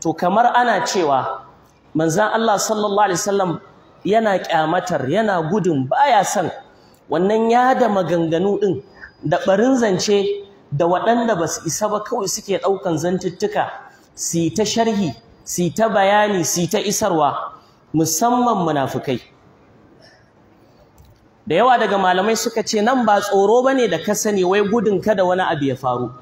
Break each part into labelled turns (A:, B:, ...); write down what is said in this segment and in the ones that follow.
A: to kamar ana cewa manzan Allah sallallahu alaihi wasallam yana kyamatar yana gudun baya son wannan ya da maganganu ɗin, da ɓarin zance da waɗanda ba su isa ba kawai suke ɗaukan zantuttuka su ta sharhi su ta bayani su ta isarwa musamman munafukai da yawa daga malamai suka ce nan ba tsoro ba ne da ka sani wai gudun kada wani abu ya faru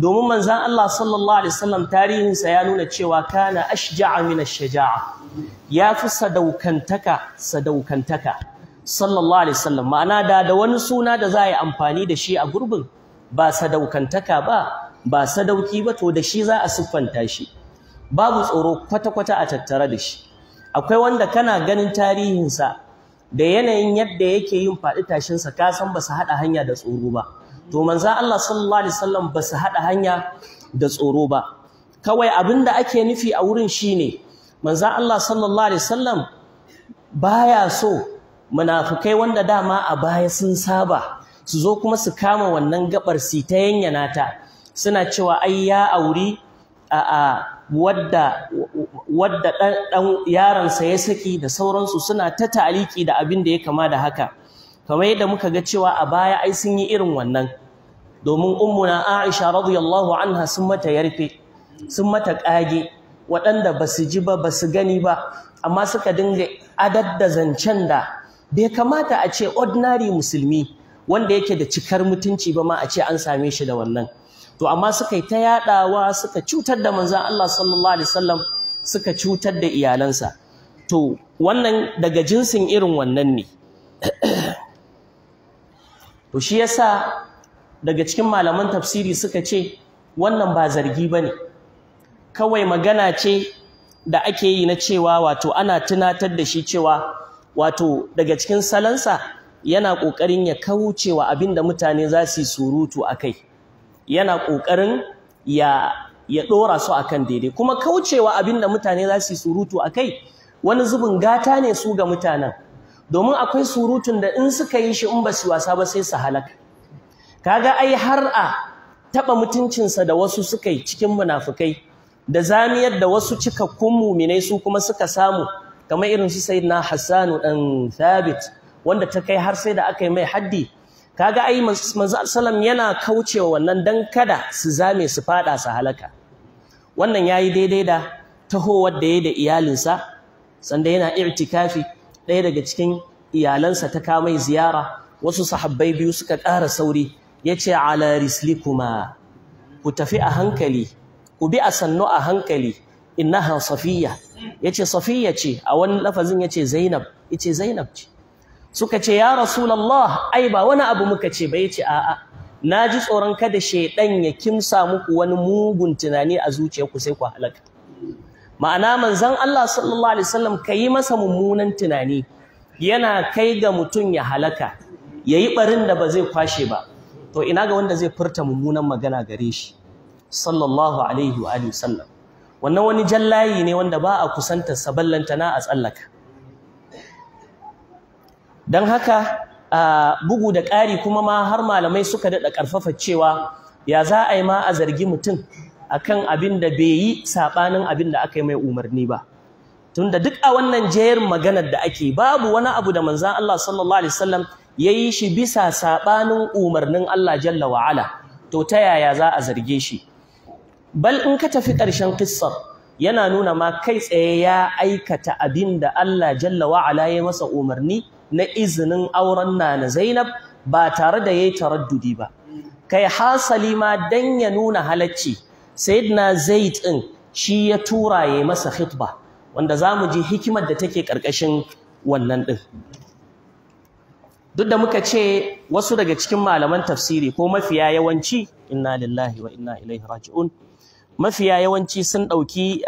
A: domin manzan Allah sallallahu alaihi wasallam tarihinsa ya nuna cewa kana ashja'a min ash ya fi, sadaukantaka sadaukantaka sallallahu alaihi wasallam ma'ana da da wani suna da za a yi amfani da shi a gurbin ba sadaukantaka ba ba sadauki ba to da shi za a siffanta shi babu tsoro kwata-kwata a tattare da shi akwai wanda kana ganin tarihinsa da yanayin yadda yake yin faɗi tashinsa kasan san ba su haɗa hanya da tsoro ba to manzo Allah sallallahu alaihi wasallam ba su hada hanya da tsoro ba kawai abin abinda ake nufi a wurin shine manzo Allah sallallahu alaihi wasallam baya so munafikai wanda dama a baya sun saba su zo kuma su kama wannan gabar su ta yanyanata, suna cewa ai ya auri a a wadda wadda dan ya saki da sauransu suna ta taliki da abin da ya kama da haka kamar yadda muka ga cewa a baya ai sun yi irin wannan domin ummuna Aisha radiyallahu anha sun mata yarfe sun mata kage waɗanda ba su ji ba ba su gani ba amma suka dinga adadda zancen da bai kamata a ce ordinary musulmi wanda yake da cikar mutunci ba ma a ce an same shi da wannan to amma suka yi ta yaɗawa suka cutar da manzon Allah sallallahu alaihi wasallam suka cutar da iyalansa to wannan daga jinsin irin wannan ne to shi yasa daga cikin malaman tafsiri suka ce wannan ba zargi bane kawai magana ce da ake yi na cewa wato ana tunatar da shi cewa wato daga cikin salansa yana ƙoƙarin ya kaucewa abin da mutane za su yi surutu a kai yana ƙoƙarin ya ya ɗora su a kan daidai kuma kaucewa abin da mutane za su yi surutu a kai wani zubin gata ne su ga mutanen domin akwai surutun da in suka yi shi in ba su wasa ba sai su halaka kaga ai har a taɓa mutuncinsa da wasu suka yi cikin munafukai da zamiyar da wasu cikakkun muminai su kuma suka samu kamar irin su sayyidina hassanu ɗan thabit wanda ta kai har sai da aka yi mai haddi kaga ai manzo sallam yana kaucewa wannan dan kada su zame su fada su halaka wannan yayi daidai da tahowar da yayi da iyalinsa sanda yana i'tikafi ɗaya daga cikin iyalansa ta kamai ziyara wasu sahabbai biyu suka ƙara sauri ya ce ala rislikuma ku tafi a hankali ku bi a sannu a hankali innaha safiya ya ce safiya ce a wani lafazin ya ce zainab ya ce zainab ce suka ce ya rasulallah ai ba wani abu muka ce ba ya ce a'a na ji tsoron kada shaidan ya kimsa muku wani mugun tunani a zuciyarku sai ku halaka ma'ana manzon Allah sallallahu alaihi wasallam kai masa mummunan tunani yana kai ga mutum ya halaka yayi barin da ba zai kwashe ba to ina ga wanda zai furta mummunan magana gare shi sallallahu alaihi wa alihi wasallam wannan wani jallayi ne wanda ba a kusanta na a tsallaka dan haka bugu da ƙari kuma ma har malamai suka daɗa ƙarfafa cewa ya za a yi ma a zargi mutum akan abin da bai yi saɓanin abin da aka yi mai umarni ba tunda duk a wannan jayar maganar da ake babu wani abu da manzan Allah sallallahu alaihi wasallam yi shi bisa saɓanin umarnin Allah jalla wa'ala to ta yaya za a zarge shi bal in ka tafi ƙarshen kissar yana nuna ma kai tsaye ya aikata abin da Allah jalla wa'ala ya masa umarni na izinin auren na na Zainab ba tare da yayi taraddudi ba kai hasali ma dan ya nuna halacci sayyidina zaid din shi ya tura ya masa khitba wanda zamu ji hikimar da take karkashin wannan din duk da muka ce wasu daga cikin malaman tafsiri ko mafiya yawanci inna lillahi wa inna ilaihi raji'un mafiya yawanci sun ɗauki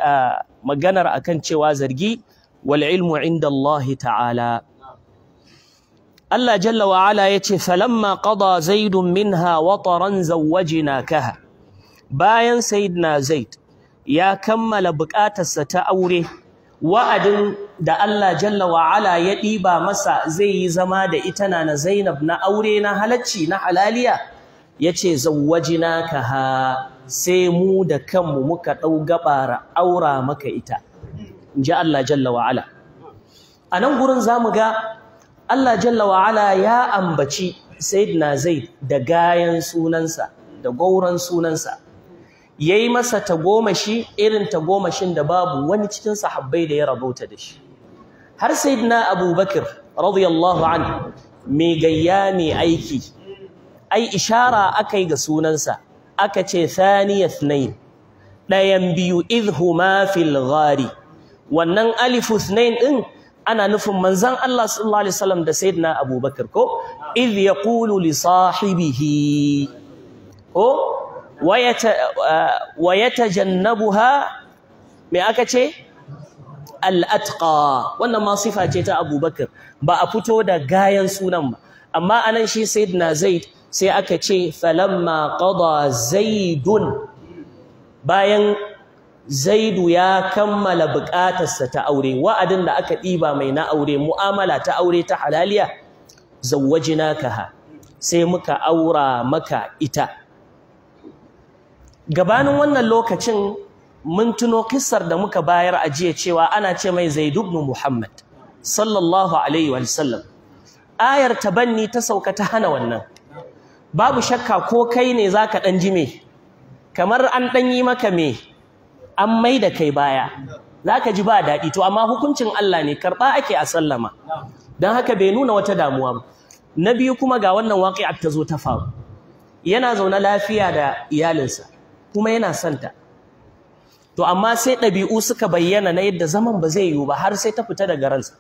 A: maganar akan cewa zargi wal ilmu inda Allah ta'ala Allah jalla wa ala yace falamma qada zaidun minha wataran zawwajnakaha bayan sayyidina zaid ya kammala buƙatarsa ta aure wa'adin da Allah jalla ala ya ɗiba masa zai yi zama da ita na na Zainab na aure na halacci na halaliya ya ce zawwajina ka ha sai mu da kanmu muka ɗau gabara aura maka ita in Allah jalla wa'ala a nan gurin za mu ga Allah jalla ala ya ambaci Sayyidina Zaid da gayan sunansa da gauran sunansa ya yi masa tagomashi irin tagomashin da babu wani cikin sahabbai da ya rabauta da shi har sayyidina abubakar radiyallahu anhu mai gayya mai aiki ai ishara aka yi ga sunansa aka ce thaniya thnain ɗayan biyu idhuma fil ghari wannan alifu thnain ɗin ana nufin manzan Allah sallallahu alaihi wasallam da sayyidina abubakar ko idh yaqulu li sahibihi ko wa ha? me aka ce al'atqa wannan ma sifa ce ta abubakar ba a fito da gayan sunan ba amma anan shi sayyidina zaid sai aka ce falamma qada zaidun bayan zaidu ya kammala bukatarsa ta aure wa'adin da aka ɗiba mai na aure mu'amala ta aure ta halaliya zawwajinakaha sai muka aura maka ita gabanin wannan lokacin mun tuno kissar da muka bayar a jiya cewa ana ce mai Zaid ibn Muhammad sallallahu alaihi wa sallam ayar tabanni ta sauka ta hana wannan babu shakka ko kai ne zaka dan jime kamar an dan yi maka me an mai da kai baya zaka ji ba dadi to amma hukuncin Allah ne karba ake a sallama dan haka bai nuna wata damuwa ba na biyu kuma ga wannan waqi'a ta zo ta faru yana zaune lafiya da iyalinsa kuma yana santa to amma sai ɗabi'u suka bayyana na yadda zaman ba zai yiwu ba har sai ta fita daga ransa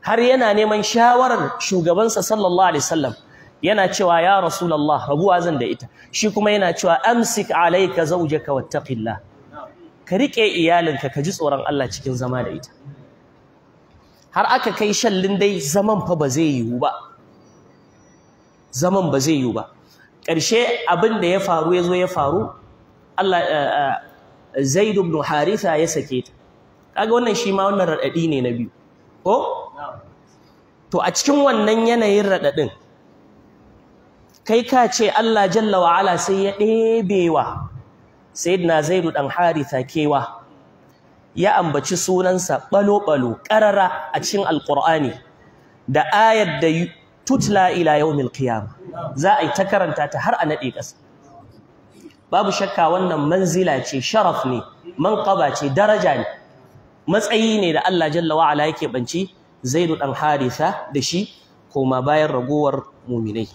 A: har yana neman shawarar shugabansa sallallahu alaihi wasallam yana cewa ya rasulullah rabuwa zan da ita shi kuma yana cewa amsik alayka zawjaka wattaqillah ka riƙe iyalinka ka ji tsoron Allah cikin zama da ita har aka kai shallin dai zaman fa ba zai yiwu ba zaman ba zai yiwu ba ƙarshe abin da ya faru ya zo ya faru Allah eh, eh, Zaid ibn Haritha ya sake ta kaga wannan shi ma wannan radadi ne na biyu ko to a cikin wannan yanayin radadin kai ka ce Allah jalla wa ala sai ya ɗebewa sayyidina Zaid dan Haritha kewa ya ambaci sunansa balo-balo ƙarara a cikin alƙur'ani da ayar da tutla ila yawmil qiyamah za a yi ta karanta ta har a naɗe ƙasa babu shakka wannan manzila ce sharaf ne manqaba ce daraja ne matsayi ne da Allah jalla wa ala yake banci zaidu dan da shi koma bayan ragowar muminai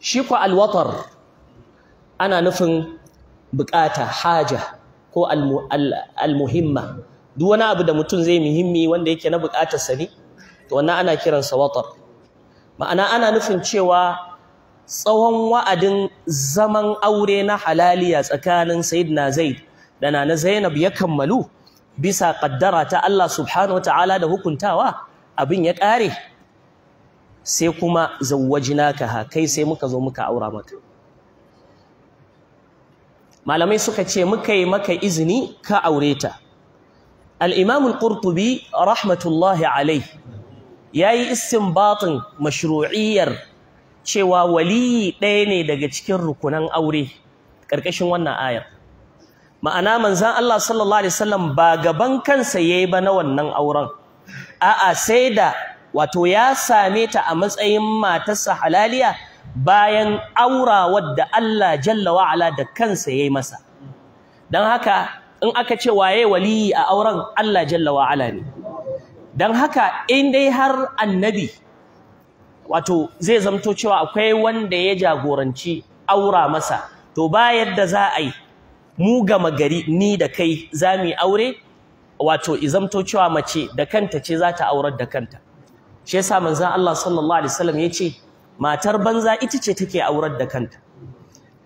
A: shi ku alwatar ana nufin bukata haja ko almuhimma duk wani abu da mutum zai muhimmi wanda yake na bukatarsa ne to wannan ana kiransa watar ma'ana ana nufin cewa tsawon wa'adin zaman aure na halaliya tsakanin sayyidina zaid da nana zainab ya kammalu bisa kaddara ta Allah subhanahu wataala da hukuntawa abin ya ƙare sai kuma zawwajnaka ha kai sai muka zo muka aura maka malamai suka ce muka yi maka izini ka aure ta al imamul qurtubi rahmatullahi alaihi Ya yayi istinbatin mashru'iyyar cewa waliyi ɗaya ne daga cikin rukunan aure ƙarƙashin wannan ayar ma'ana manzan Allah sallallahu alaihi wasallam ba gaban kansa ya yi ba na wannan auren a'a sai da wato ya same ta a matsayin matarsa halaliya bayan aura wadda Allah jalla wa da kansa ya yi masa Don haka in aka ce waye waliyi a auren Allah jalla wa ne don haka in dai har annabi wato zai zamto cewa akwai wanda ya jagoranci aura masa to ba yadda za a yi mu gama gari ni da kai za mu aure wato izamto cewa mace da kanta ce za ta aurar da kanta shi yasa manzon Allah sallallahu alaihi wasallam ya ce matar banza ita ce take aurar da kanta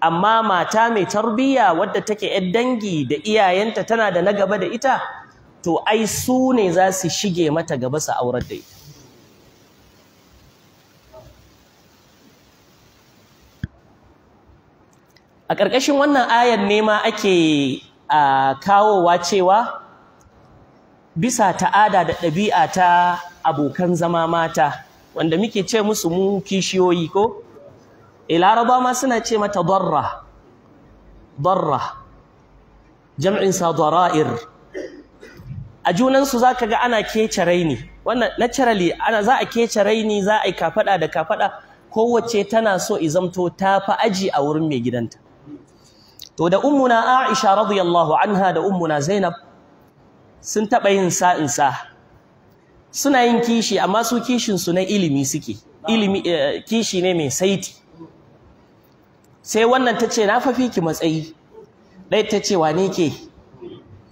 A: amma mata mai tarbiyya wadda take yar dangi da iyayenta tana da na gaba da ita to ai su ne za su shige mata gaba su aurar da ita a ƙarƙashin wannan ayar ne ma ake kawowa cewa bisa ta'ada da ɗabi'a ta abokan zama mata wanda muke ce musu mu kishiyoyi ko eh, laraba ma suna ce mata barra, barra, jam'in sa dara'ir a junansu za ka ga ana kece raini wannan naturally ana za a kece raini za a yi kafaɗa da kafaɗa kowace tana so izamto ta fa aji a wurin mai gidanta to da ummuna Aisha radiyallahu anha da ummuna Zainab sun taɓa yin sa'insa suna yin kishi amma su kishinsu na ilimi suke ilimi eh, kishi ne mai saiti sai wannan ta ce na fafi ki matsayi ɗaya ta ce wane ke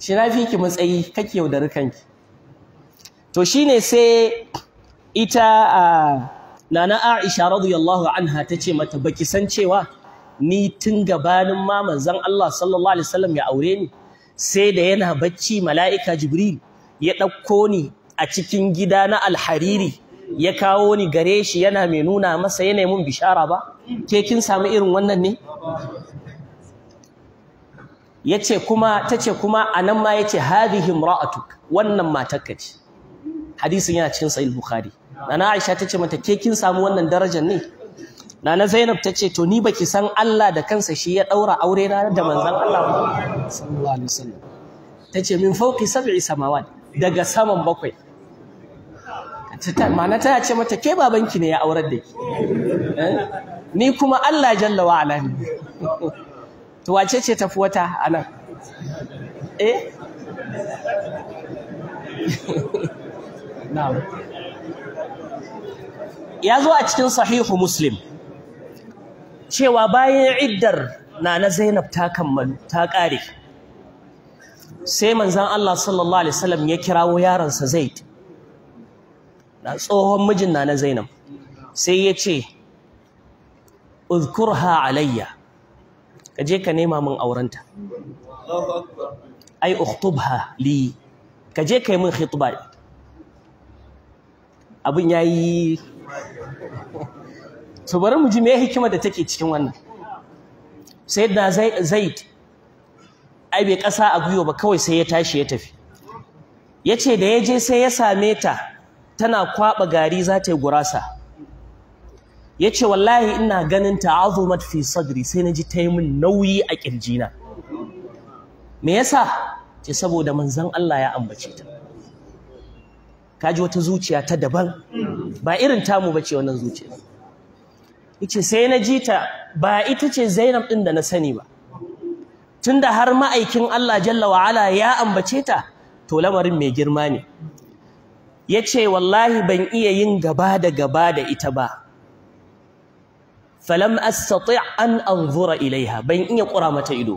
A: shi na ki matsayi kake yaudari kanki to shine sai ita a nana Aisha radiyallahu anha tace mata baki san cewa ni tun gabanin ma manzon Allah sallallahu alaihi wasallam ya aure ni sai da yana bacci mala'ika Jibril ya ɗauko ni a cikin gida na alhariri ya kawo ni gare shi yana mai nuna masa yanayin mun bishara ba ke kin samu irin wannan ne yace kuma tace kuma anan ma yace hadhihi imra'atuk wannan matarka ce hadisin yana cikin sahih bukhari nana aisha tace mata ke kin samu wannan darajar ne nana zainab tace to ni baki san Allah da kansa shi ya daura aure na da manzon Allah sallallahu alaihi wasallam tace min fawqi sab'i samawat daga saman bakwai ma'ana ta ce mata ke babanki ne ya aurar da ki eh? ni kuma Allah jalla wa ala ne to wace ce tafi wata a nan eh na'am ya zo a cikin sahihu muslim cewa bayan iddar na na zainab ta kammalu ta ƙare sai manzan Allah sallallahu alaihi wasallam ya kirawo yaransa zaid na tsohon mijin na na zainab sai ya ce uzkurha alayya ka je ka nema min aurenta ai uktubha li ka je kai min khitba abin yayi to bari mu ji me hikima da take cikin wannan sayyidina zaid ai bai kasa a guyo ba kawai sai ya tashi ya tafi yace da ya je sai ya same ta tana kwaba gari za ta yi gurasa ya ce wallahi ina ganin ta'azumat fi sadri sai na ji ta yi min nauyi a ƙirjina me yasa ce saboda manzon Allah ya ambace ta Ka ji wata zuciya ta daban ba irin tamu ba ce wannan zuciya ce sai na ji ta ba ita ce Zainab din da na sani ba Tun da har ma'aikin Allah jalla wa ya ambace ta to lamarin mai girma ne Ya ce wallahi ban iya yin gaba da gaba da ita ba falam astati' an anzura ilaiha ban iya kura mata ido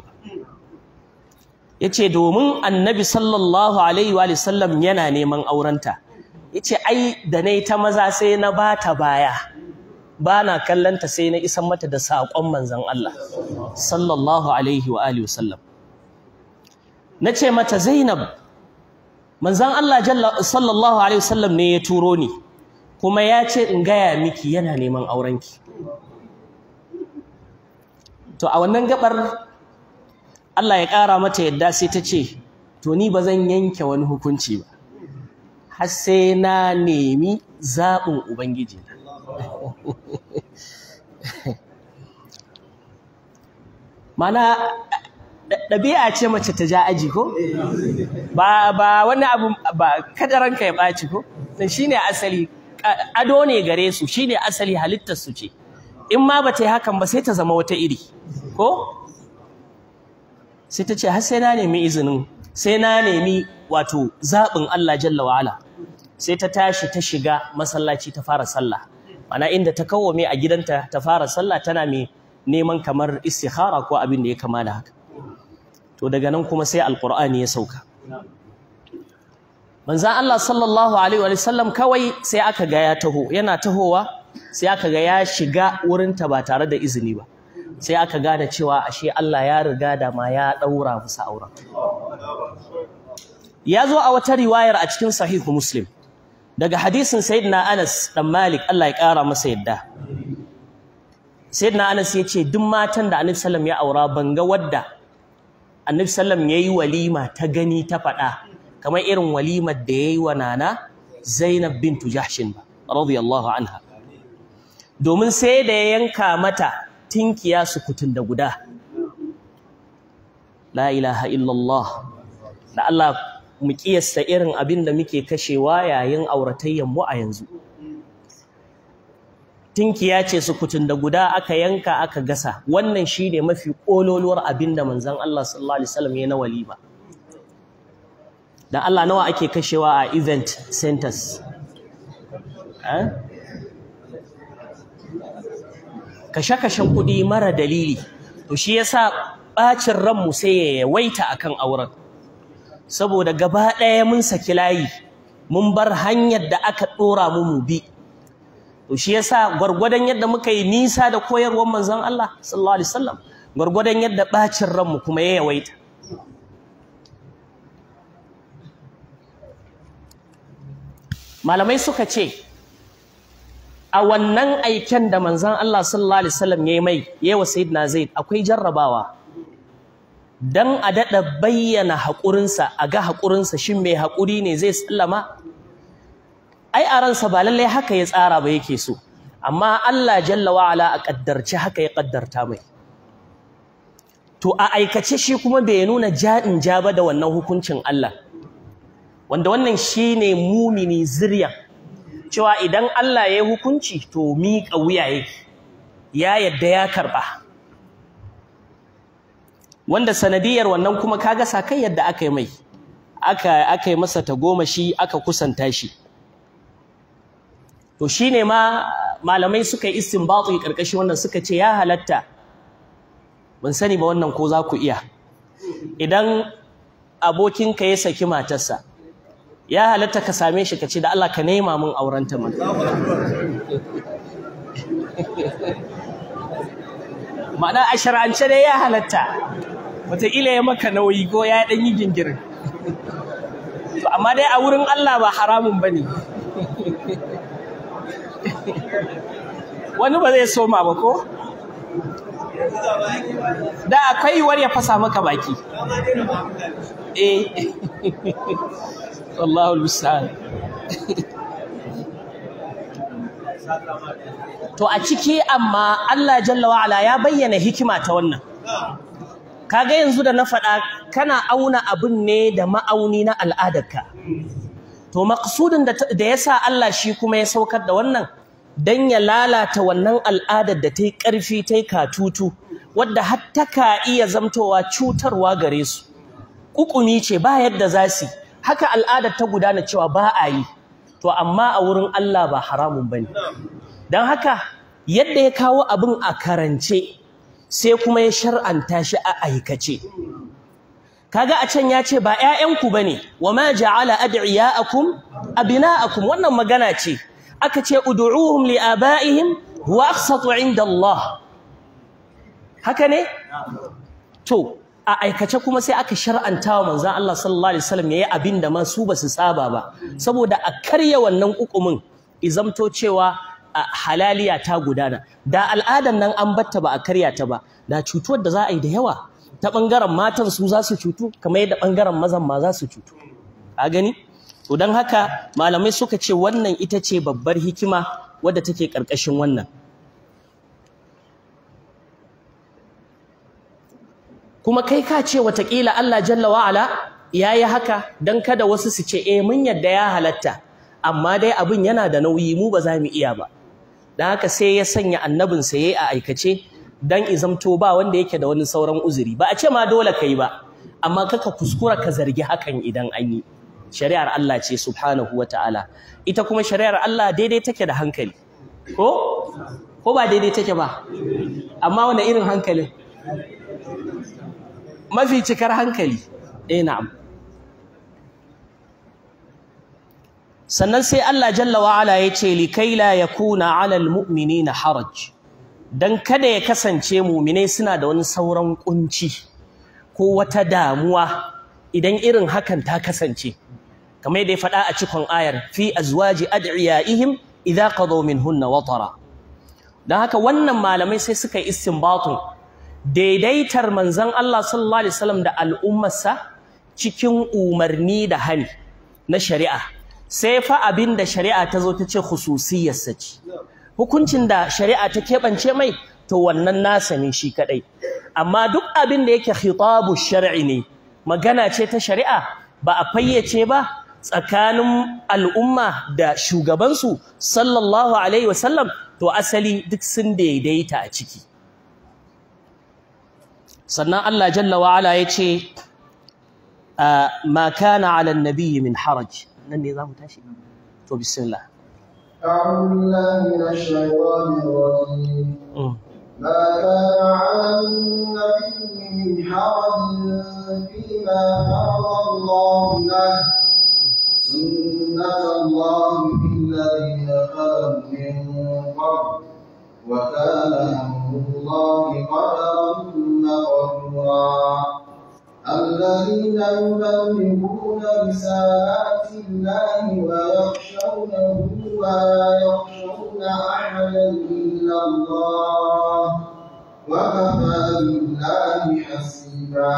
A: yace domin annabi sallallahu alaihi wa sallam yana neman aurenta yace ai da nayi ta maza sai na bata baya bana kallanta sai na isan mata da sakon manzon Allah sallallahu alaihi wa alihi Na nace mata Zainab manzon Allah jalla sallallahu alaihi wa sallam ne ya turo ni kuma ya ce in gaya miki yana neman aurenki to a wannan gabar Allah ya ƙara mata yadda sai ta ce to ni ba zan yanke wani hukunci ba har sai na nemi zaɓin ubangiji mana ɗabi'a ce mace ta ja aji ko ba ba wani abu ba kadaranka ya ɓaci ko shine asali ado ne gare su shine asali halittar su ce in ma ba ta yi hakan ba sai ta zama wata iri ko sai ta ce har sai na nemi izinin sai na nemi wato zaɓin Allah jalla wa'ala sai ta tashi ta shiga masallaci ta fara sallah mana inda ta kawwame a gidanta ta fara sallah tana mai neman kamar istikhara ko abin da ya kama da haka to daga nan kuma sai alqur'ani ya sauka manzan Allah sallallahu alaihi wa kawai sai aka ga ya taho yana tahowa sai aka ga ya shiga wurinta ba tare da izini ba sai aka gane cewa ashe Allah ya riga da ma ya ɗaura musu auren ya zo a wata riwayar a cikin sahihu muslim daga hadisin sayyidina Anas dan Malik Allah ya kara masa yadda sayyidina Anas ya ce duk matan da Annabi sallam ya aura banga wadda Annabi sallam yayi walima ta gani ta faɗa kamar irin walimar da yayi wa nana Zainab bintu Jahshin ba radiyallahu anha domin sai da ya yanka mata tinkiya kutun da guda la ilaha illallah da Allah mu ƙiyasta irin abin da muke kashewa yayin auratayyan mu a yanzu tinkiya ce kutun da guda aka yanka aka gasa wannan shi ne mafi ƙololuwar abin da manzan Allah sallallahu alaihi wasallam ya na walima Da Allah nawa ake kashewa a event centers eh? kashe-kashen kuɗi mara dalili to shi ya sa ɓacin ranmu sai ya yawaita a kan auren saboda gaba ɗaya mun saki layi mun bar hanyar da aka ɗora mu mu bi to shi ya sa gwargwadon yadda muka yi nisa da koyarwar manzon Allah sallallahu gwargwadon yadda ɓacin ranmu kuma ya yawaita malamai suka ce a wannan aiken da manzan Allah sallallahu alaihi wasallam yi mai yawa wa sayyidina Zaid akwai jarrabawa dan a dada bayyana haƙurinsa a ga haƙurinsa, shin mai haƙuri ne zai sallama ai a ransa ba lallai haka ya tsara ba yake so amma Allah jalla wa ala a kaddarci haka ya ƙaddarta mai to a aikace shi kuma bai nuna ja'in ja ba da wannan hukuncin Allah wanda wannan shine mumini zirya cewa idan Allah ya yi hukunci to miƙa wuya yake ya yadda ya karɓa wanda sanadiyar wannan kuma kaga kai yadda aka yi mai aka aka yi masa shi, aka kusanta shi to shine ma malamai suka yi istinbati karkashin wannan suka ce ya halatta ban sani ba wannan ko za ku iya idan abokinka ya saki matarsa ya halatta ka same shi ka ce da Allah ka nema min aurenta mana ma'ana a shar'ance dai ya halatta wataƙila ya maka nauyi ko ya ɗan yi gingirin to amma dai a wurin Allah ba haramun ba ne wani ba zai soma ba ko da akwai war ya fasa maka baki eh والله المستعان to a ciki amma Allah jalla wa'ala ya bayyana hikima ta wannan kaga yanzu da na faɗa kana auna abun ne da ma'auni na al'adarka to maqsudin da yasa Allah shi kuma ya saukar da wannan dan ya lalata wannan al'adar da ta karfi tai ta yi katutu wadda ta ka iya zamtowa cutarwa gare su ƙuƙumi ce ba yadda za su haka al'adar ta gudana cewa ba a yi to amma a wurin Allah ba haramun bane don haka yadda ya kawo abin a karance sai kuma ya shar'anta shi a aikace kaga a can ya ce ba 'ya'yanku ba ne wa wama ja'ala ad'iyaakum abinaakum wannan magana ce aka ce ud'uuhum aba'ihim huwa aqsatu 'inda Allah haka ne to a aikace kuma sai aka shar'anta wa manzon Allah sallallahu alaihi wasallam yayi abin da ma su ba su saba ba saboda a karya wannan ukumin izamto cewa halaliya ta gudana da al'adan nan an batta ba a karya ta ba da cutuwar da za a yi da yawa ta bangaren matan su za su cutu kamar yadda bangaren mazan ma za su cutu a gani to don haka malamai suka ce wannan ita ce babbar hikima wadda take karkashin wannan kuma kai ka ce watakila Allah jalla wa'ala ya yi haka don kada wasu su ce eh mun yadda ya halatta amma dai abin yana da nauyi mu ba za mu iya ba don haka sai ya sanya annabinsa ya yi a aikace don izamto ba wanda yake da wani sauran uzuri ba a ce ma dole kai ba amma kaka kuskura ka zargi hakan idan an yi shari'ar Allah ce subhanahu wa ta'ala ita kuma shari'ar Allah daidai take da hankali ko ko ba daidai take ba amma wani irin hankalin mafi cikar hankali eh na'am sannan sai Allah jalla wa ala yace likai la yakuna ala almu'minina haraj dan kada ya kasance mu'minai suna da wani sauran kunci ko wata damuwa idan irin hakan ta kasance kamar da ya faɗa a cikon ayar fi azwaji ad'iyaihim idza qadaw minhunna watara dan haka wannan malamai sai suka yi istinbatun daidaitar manzon Allah sallallahu alaihi wasallam da al'ummarsa cikin umarni da hali na shari'a sai fa abin da shari'a ta zo ta ce khususiyarsa ce hukuncin da shari'a ta keɓance mai to wannan nasa ne shi kaɗai amma duk abin da yake khitabu shar'i ne magana ce ta shari'a ba a fayyace ba tsakanin al'umma da shugabansu sallallahu alaihi wasallam to asali duk sun daidaita a ciki sannan Allah jalla wa ala ya ce ma kana ala nabiyyi min haraj nan ne zamu tashi to bismillah أعوذ بالله من الشيطان الرجيم ما كان على النبي من حرج فيما فرض الله له سنة الله في الذين خلوا من قبل وكان الله قدرا مقدورا الذين يبلغون رسالات الله ويخشونه ولا يخشون أحدا إلا الله وكفى بالله حسيبا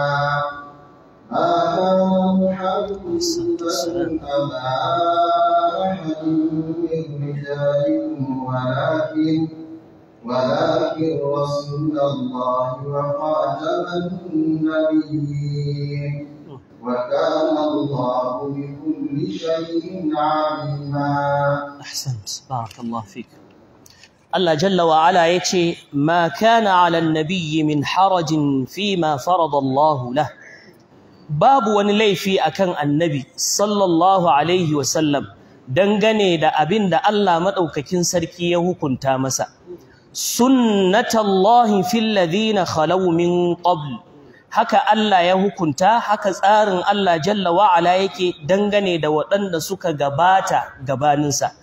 A: ما كان محمد أبا أحد من رجالكم ولكن ولكن رسول الله وخاتم النبيين وكان الله بكل شيء عليما أحسنت بارك الله فيك الله جل وعلا يتي ما كان على النبي من حرج فيما فرض الله له باب ونليفي أكن النبي صلى الله عليه وسلم dangane da abin da Allah maɗaukakin sarki ya hukunta masa sunnatallahi fil ladina khalaw min qabl haka Allah ya hukunta haka tsarin Allah jalla wa ala yake dangane da waɗanda suka gabata gabaninsa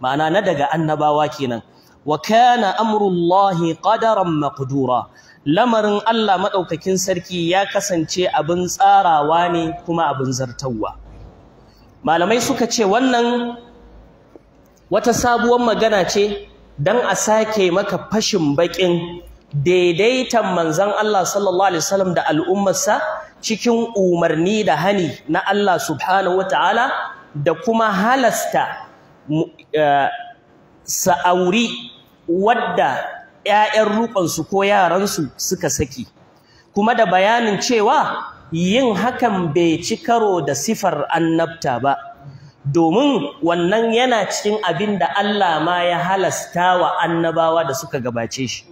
A: ma'ana na daga annabawa kenan wa kana amrullahi qadaran maqdura lamarin Allah madaukakin sarki ya kasance abin tsarawa ne kuma abin zartawa malamai suka ce wannan wata sabuwar magana ce Don a sake maka fashin baƙin daidaitan manzan Allah sallallahu alaihi wasallam da al'ummarsa cikin umarni da hani na Allah subhanahu wataala da kuma halasta eh, sa'auri wadda ‘ya'yan ruƙansu ko yaransu suka saki kuma da bayanin cewa yin hakan bai ci karo da sifar annabta ba domin wannan yana cikin abin da Allah ma ya halasta wa annabawa da suka gabace shi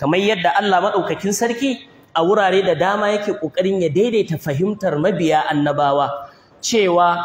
A: kamar yadda Allah maɗaukakin sarki a wurare da dama yake ƙoƙarin ya daidaita fahimtar mabiya annabawa cewa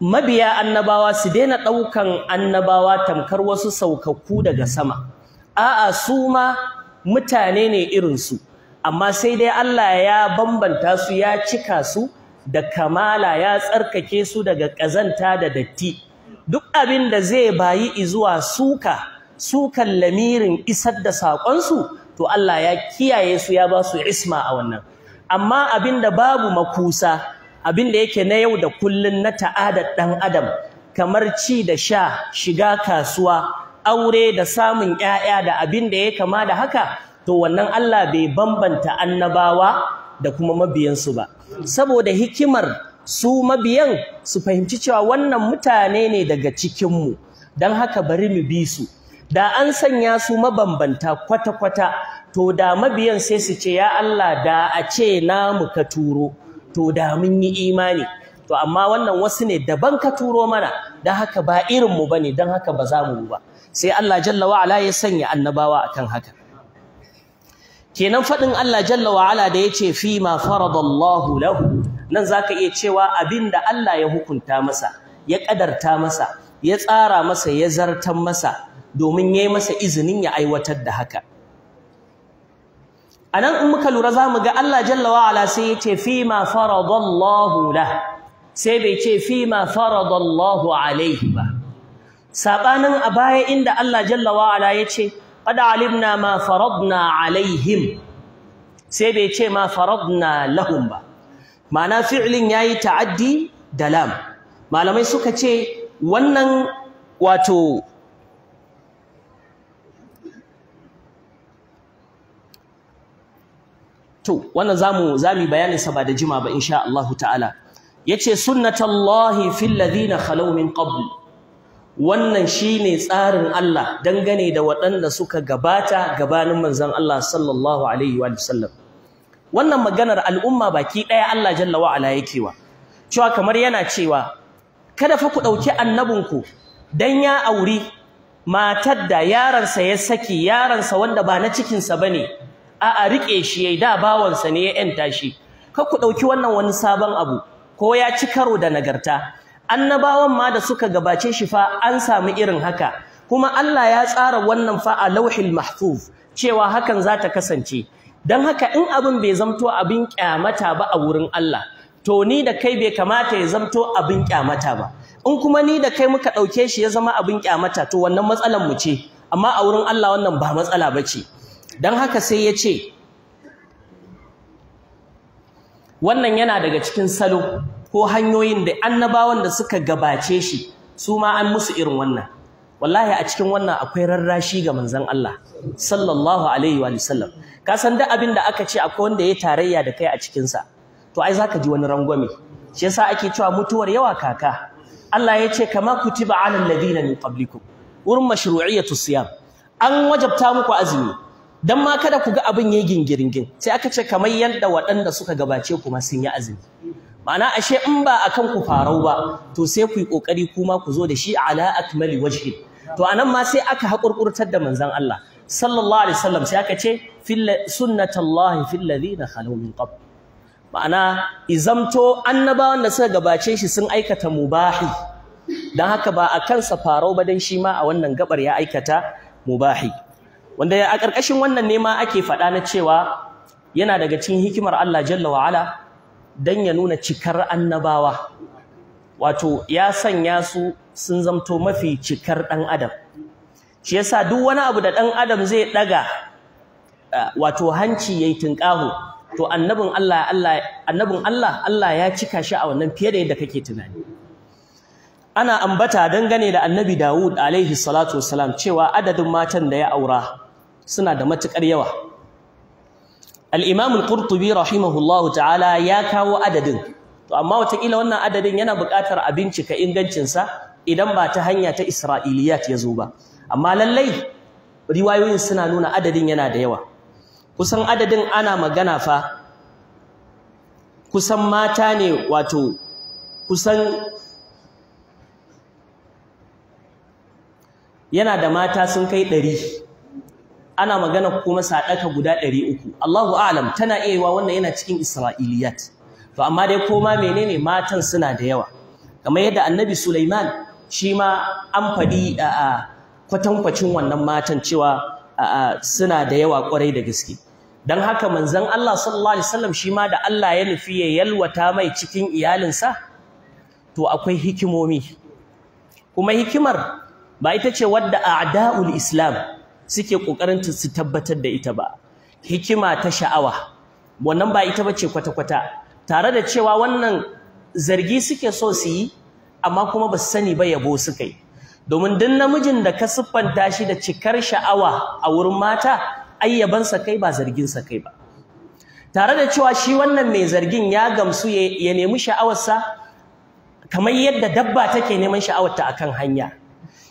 A: mabiya annabawa su daina ɗaukan annabawa tamkar wasu saukakku daga sama a'a su ma mutane ne irin su, amma sai dai Allah ya bambanta su ya cika su da kamala ya tsarkake su daga ƙazanta da datti duk abin da zai bayi zuwa suka sukan lamirin isar da saƙonsu to Allah ya kiyaye su ya ba su isma a wannan amma abin da babu makusa abin da yake na yau da kullun na ta'adar ɗan adam kamar ci da sha shiga kasuwa aure da samun ƴaƴa da abin da ya kama da haka to wannan Allah bai bambanta annabawa da kuma mabiyansu ba saboda hikimar su mabiyan su fahimci cewa wannan mutane ne daga cikinmu don haka bari mu bi su da an sanya su mabambanta kwata-kwata to da mabiyan sai su ce ya Allah da a ce namu ka turo to da mun yi imani to amma wannan wasu ne daban ka turo mana don haka ba irinmu ba ne don haka ba za mu ba sai Allah jalla wa'ala ya sanya annabawa akan haka kenan faɗin Allah jalla wa ala da ya fi ma faradallahu lahu nan zaka iya cewa abin da Allah ya hukunta masa ya ƙadarta masa ya tsara masa ya zartan masa domin ya yi masa izinin ya aiwatar da haka A nan in muka lura za mu ga Allah jalla wa ala sai yace fi ma faradallahu lahu sai bai ce fi ma faradallahu alaihi ba saɓanin a baya inda Allah jalla wa ala ce. qad alimna ma faradna alaihim sai bai ce ma faradna lahum ba ma'ana fi'lin yayi ta'addi da lam malamai suka ce wannan wato to wannan zamu zami bayanin sa ba da jima ba insha Allah ta'ala yace sunnatullahi fil ladina min qabl wannan shine tsarin Allah dangane da waɗanda suka gabata gabanin manzon Allah sallallahu alaihi wa wannan maganar al'umma baki ɗaya Allah jalla wa ala yake wa cewa kamar yana cewa kada fa ku ɗauki annabinku dan ya auri matar da yaransa ya saki yaransa wanda ba na cikinsa bane a a rike shi yai da bawansa ne ya yanta shi ka ku ɗauki wannan wani sabon abu ko ya ci karo da nagarta annabawan ma da suka gabace shi fa an samu irin haka kuma Allah ya tsara wannan fa a lauhil mahfuz cewa hakan za ta kasance don haka in abin bai zamto abin kyamata ba a wurin Allah to ni da kai bai kamata ya zamto abin kyamata ba in kuma ni da kai muka ɗauke shi ya zama abin kyamata to wannan matsalan mu ce amma a wurin Allah wannan ba matsala ba ce don haka sai ya ce wannan yana daga cikin salo ko hanyoyin da annabawan da suka gabace shi su ma an musu irin wannan wallahi a cikin wannan akwai rarrashi ga manzon Allah sallallahu alaihi wa sallam ka san da abin da aka ce akwai wanda ya tarayya da kai a cikin sa to ai zaka ji wani rangwame shi yasa ake cewa mutuwar yawa kaka Allah ya ce kama kutiba alal ladina min qablikum wurin mashru'iyatu siyam an wajabta muku azumi dan ma kada ku ga abin yayi gingiringin sai aka ce kamar yadda waɗanda suka gabace kuma sun yi azumi ma'ana ashe in ba akan ku farau ba to sai ku yi kokari kuma ku zo da shi ala akmali wajhi to anan ma sai aka hakurkurtar da manzon Allah sallallahu alaihi wasallam sai aka ce sunnatullahi fil ladina khalu min qab ma'ana izamto annabawan da suka gabace shi sun aikata mubahi dan haka ba a kansa farau ba dan shi ma a wannan gabar ya aikata mubahi wanda a ƙarƙashin wannan nema ma ake faɗa na cewa yana daga cikin hikimar Allah jalla wa ala don ya nuna cikar annabawa wato ya sanya su sun zamto mafi cikar ɗan adam shi yasa duk wani abu da ɗan adam zai ɗaga wato hanci yayi tunƙaho to annabin Allah Allah ya cika shi a wannan fiye da yadda kake tunani ana ambata dangane da annabi Dawud alaihi salatu wasalam cewa adadin matan da ya aura suna da matukar yawa al-imam al rahimahullahu ta'ala ya kawo adadin to amma watakila wannan adadin yana buƙatar a bincika ingancinsa idan ba ta hanya ta isra'iliyat ya zo ba amma lallai riwayoyin suna nuna adadin yana da yawa kusan adadin ana magana fa kusan mata ne wato kusan yana da mata sun kai ɗari ana magana kuma sadaka guda 300 Allahu a'lam tana iya yiwa wannan yana cikin Isra'iliyat to amma dai koma menene matan suna da yawa kamar yadda Annabi Sulaiman shi ma an faɗi a kwatankwacin wannan matan cewa suna da yawa kwarai da gaske dan haka manzon Allah sallallahu alaihi wasallam shi ma da Allah ya nufi ya yalwata mai cikin iyalinsa to akwai hikimomi kuma hikimar ba ita ce wadda a'da'ul islam suke ƙoƙarin su tabbatar da ita ba hikima ta sha'awa wannan ba ita bace kwata-kwata tare da cewa wannan zargi suke so su yi amma kuma ba su sani ba yabo su yi domin duk namijin da ka siffanta shi da cikar sha'awa a wurin mata ayyabansa kai ba zarginsa kai ba tare da cewa shi wannan mai zargin ya gamsu ya nemi sha'awarsa kamar yadda dabba take neman sha'awarta akan hanya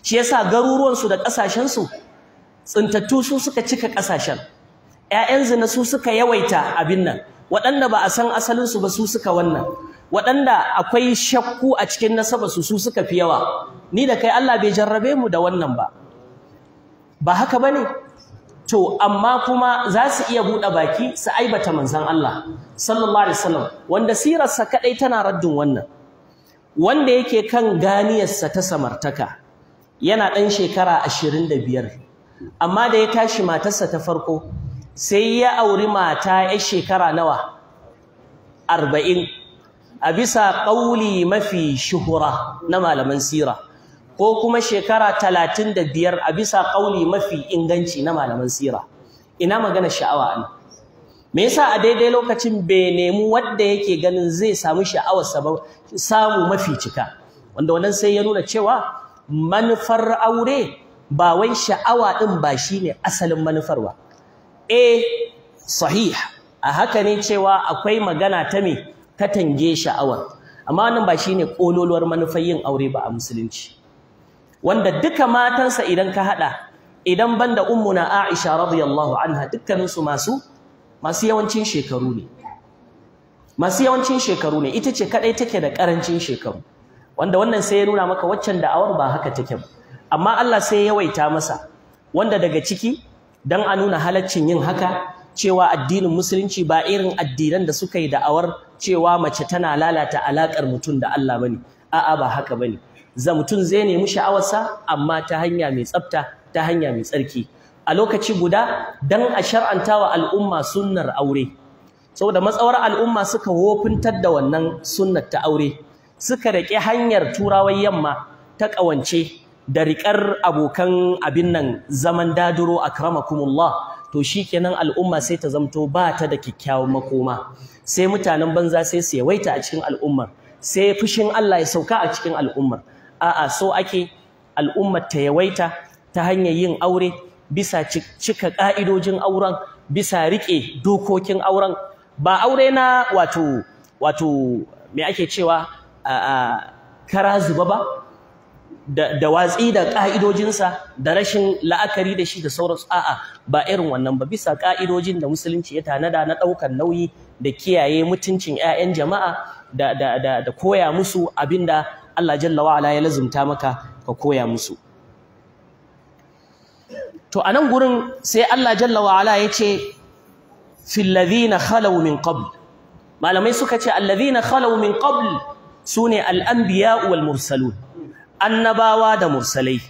A: shi yasa garuruwansu da ƙasashensu tsintattu su suka cika ƙasashen ‘ya'yan zina su suka yawaita abin nan waɗanda ba a san asalinsu ba su suka wannan waɗanda akwai shakku a cikin nasabarsu su suka fi yawa ni da kai Allah bai jarrabe mu da wannan ba ba haka ba ne to amma kuma za su iya buɗe baki su aibata manzan Allah sallallahu alaihi wanda sirarsa kaɗai tana raddin wannan wanda yake kan ganiyarsa ta samartaka yana ɗan shekara ashirin da biyar amma da ya tashi matarsa ta farko sai ya auri mata ya shekara nawa arba'in a bisa ƙauli mafi shuhura na malaman sira ko kuma shekara talatin da biyar a bisa ƙauli mafi inganci na malaman sira ina magana sha'awa an me yasa a daidai lokacin bai nemi wadda yake ganin zai samu sha'awarsa ba samu mafi cika wanda wannan sai ya nuna cewa manufar aure ba wai sha'awa ɗin ba shi ne asalin manufar ba eh sahih a haka ne cewa akwai magana ta me katange sha'awar amma wannan ba shine ƙololuwar manufar yin aure ba a musulunci wanda duka matansa idan ka haɗa idan banda ummuna Aisha radiyallahu anha dukkaninsu masu masu yawancin shekaru ne masu yawancin shekaru ne ita ce kaɗai take da ƙarancin shekaru wanda wannan sai ya nuna maka waccan da'awar ba haka take ba amma Allah sai ya waita masa wanda daga ciki dan a nuna halaccin yin haka cewa addinin musulunci ba irin addinan da suka yi da'awar cewa mace tana lalata alaƙar mutum da Allah bane a'a ba haka bane za mutum zai nemi sha'awarsa amma ta hanya mai tsafta ta hanya mai tsarki a lokaci guda dan a shar'anta wa al'umma sunnar aure saboda matsawar al'umma suka wofintar da wannan sunnar ta aure suka rike hanyar turawai yamma ta ƙawance da riƙar abokan abin nan zaman daduro akramakumullah to shi shikenan al'umma sai ta zamto ba ta da kyakkyawan makoma sai mutanen banza sai su yawaita a cikin al'ummar sai fushin Allah ya sauka a cikin al'ummar a'a so ake al'ummar ta yawaita ta hanyar yin aure bisa cika ka'idojin auren bisa riƙe dokokin auren ba aure na wato wato me ake cewa kara zuba ba da watsi da ƙa'idojinsa da rashin la'akari da shi da sauransu a'a ba irin wannan ba bisa ƙa'idojin da musulunci ya tanada na ɗaukar nauyi da kiyaye mutuncin 'ya'yan jama'a da koya musu abinda Allah jallawa ala ya lazumta maka ka koya musu to a nan gurin sai Allah jallawa ala ya ce fil ladhina min suka ce min sune al wal annabawa da mursalai